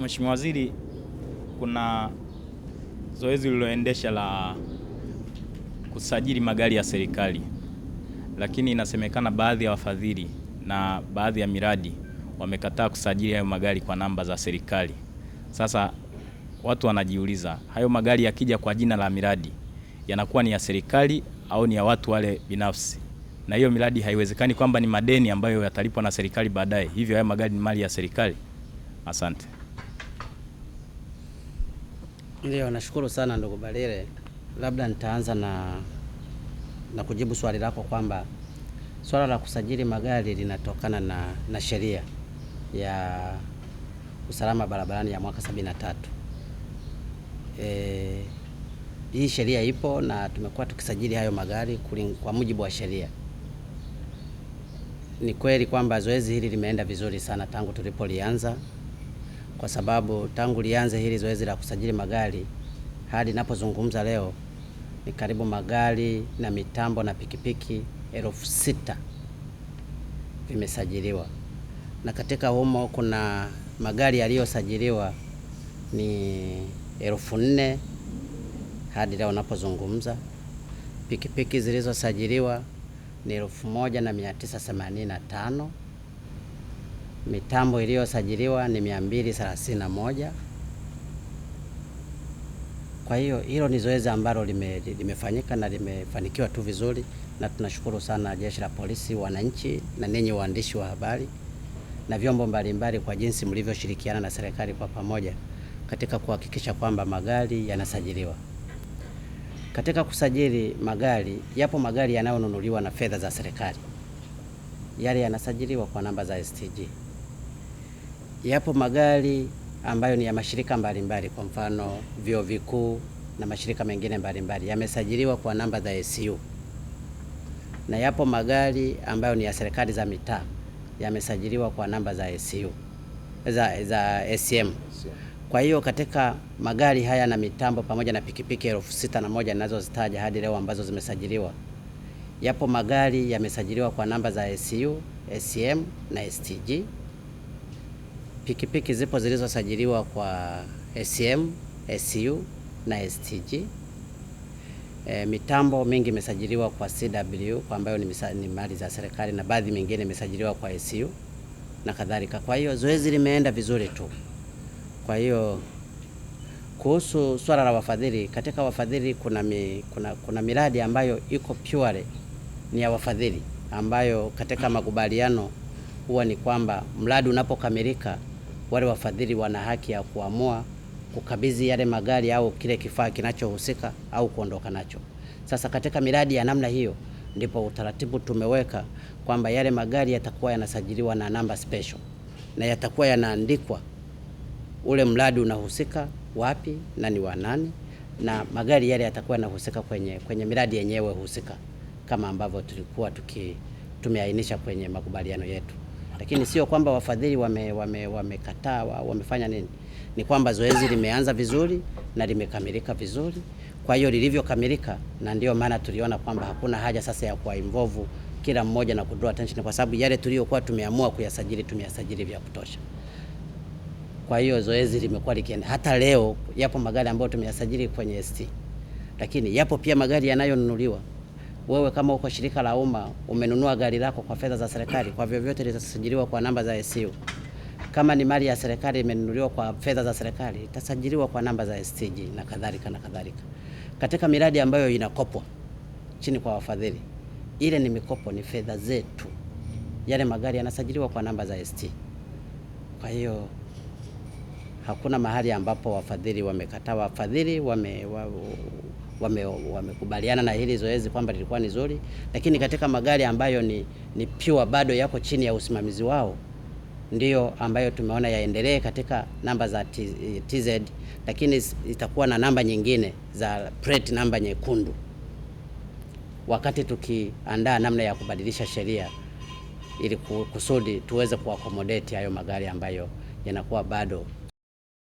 Mheshimiwa Waziri, kuna zoezi liloendesha la kusajili magari ya serikali, lakini inasemekana baadhi ya wafadhili na baadhi ya miradi wamekataa kusajili hayo magari kwa namba za serikali. Sasa watu wanajiuliza, hayo magari yakija kwa jina la miradi yanakuwa ni ya serikali au ni ya watu wale binafsi? Na hiyo miradi haiwezekani kwamba ni madeni ambayo yatalipwa na serikali baadaye, hivyo hayo magari ni mali ya serikali. Asante. Ndio, nashukuru sana ndugu Balile. Labda nitaanza na, na kujibu swali lako kwamba swala la kusajili magari linatokana na, na sheria ya usalama barabarani ya mwaka sabini na tatu. E, hii sheria ipo na tumekuwa tukisajili hayo magari kwa mujibu wa sheria. Ni kweli kwamba zoezi hili limeenda vizuri sana tangu tulipolianza kwa sababu tangu lianze hili zoezi la kusajili magari hadi napozungumza leo ni karibu magari na mitambo na pikipiki elfu sita vimesajiliwa, na katika humo kuna magari yaliyosajiliwa ni elfu nne hadi leo napozungumza. Pikipiki zilizosajiliwa ni elfu moja na mia tisa themanini na tano. Mitambo iliyosajiliwa ni 231. Kwa hiyo hilo ni zoezi ambalo lime, limefanyika na limefanikiwa tu vizuri, na tunashukuru sana Jeshi la Polisi, wananchi na ninyi waandishi wa habari na vyombo mbalimbali kwa jinsi mlivyoshirikiana na serikali kwa pamoja katika kuhakikisha kwamba magari yanasajiliwa. Katika kusajili magari, yapo magari yanayonunuliwa na fedha za serikali, yale yanasajiliwa kwa namba za STG yapo magari ambayo ni ya mashirika mbalimbali, kwa mfano vyuo vikuu na mashirika mengine mbalimbali yamesajiliwa kwa namba za ACU, na yapo magari ambayo ni ya serikali za mitaa yamesajiliwa kwa namba za ACU, za, za SM. Kwa hiyo katika magari haya na mitambo pamoja na pikipiki elfu sita na moja ninazozitaja hadi leo ambazo zimesajiliwa, yapo magari yamesajiliwa kwa namba za ACU, SM na STG Pikipiki zipo zilizosajiliwa kwa SM, SU na STG. E, mitambo mingi imesajiliwa kwa CW kwa ambayo ni, ni mali za serikali na baadhi mingine imesajiliwa kwa SU na kadhalika. Kwa hiyo zoezi limeenda vizuri tu. Kwa hiyo kuhusu swala la wafadhili, katika wafadhili kuna, mi, kuna, kuna miradi ambayo iko pure ni ya wafadhili ambayo katika makubaliano huwa ni kwamba mradi unapokamilika wale wafadhili wana haki ya kuamua kukabidhi yale magari au kile kifaa kinachohusika au kuondoka nacho. Sasa katika miradi ya namna hiyo ndipo utaratibu tumeweka kwamba yale magari yatakuwa yanasajiliwa na namba special na yatakuwa yanaandikwa ule mradi unahusika wapi na ni wa nani, na magari yale yatakuwa yanahusika kwenye, kwenye miradi yenyewe husika kama ambavyo tulikuwa tuki tumeainisha kwenye makubaliano yetu lakini sio kwamba wafadhili wamekataa wame, wame wamefanya nini, ni kwamba zoezi limeanza vizuri na limekamilika vizuri. Kwa hiyo lilivyokamilika, na ndio maana tuliona kwamba hakuna haja sasa ya involve kila mmoja na kudraw attention, kwa sababu yale tuliyokuwa tumeamua kuyasajili tumeyasajili vya kutosha. Kwa hiyo zoezi limekuwa likienda. Hata leo yapo magari ambayo tumeyasajili kwenye ST, lakini yapo pia magari yanayonunuliwa wewe kama uko shirika la umma umenunua gari lako kwa fedha za serikali, kwa vyovyote litasajiliwa kwa namba za SU. Kama ni mali ya serikali imenunuliwa kwa fedha za serikali, itasajiliwa kwa namba za STG na kadhalika na kadhalika. Katika miradi ambayo inakopwa chini kwa wafadhili, ile ni mikopo, ni fedha zetu, yale magari yanasajiliwa kwa namba za ST. Kwa hiyo hakuna mahali ambapo wafadhili wamekataa, wafadhili wame, wame wamekubaliana wame na hili zoezi kwamba lilikuwa ni zuri, lakini katika magari ambayo ni, ni pure bado yako chini ya usimamizi wao ndiyo ambayo tumeona yaendelee katika namba za TZ, lakini itakuwa na namba nyingine za plate namba nyekundu, wakati tukiandaa namna ya kubadilisha sheria ili kusudi tuweze kuakomodeti hayo magari ambayo yanakuwa bado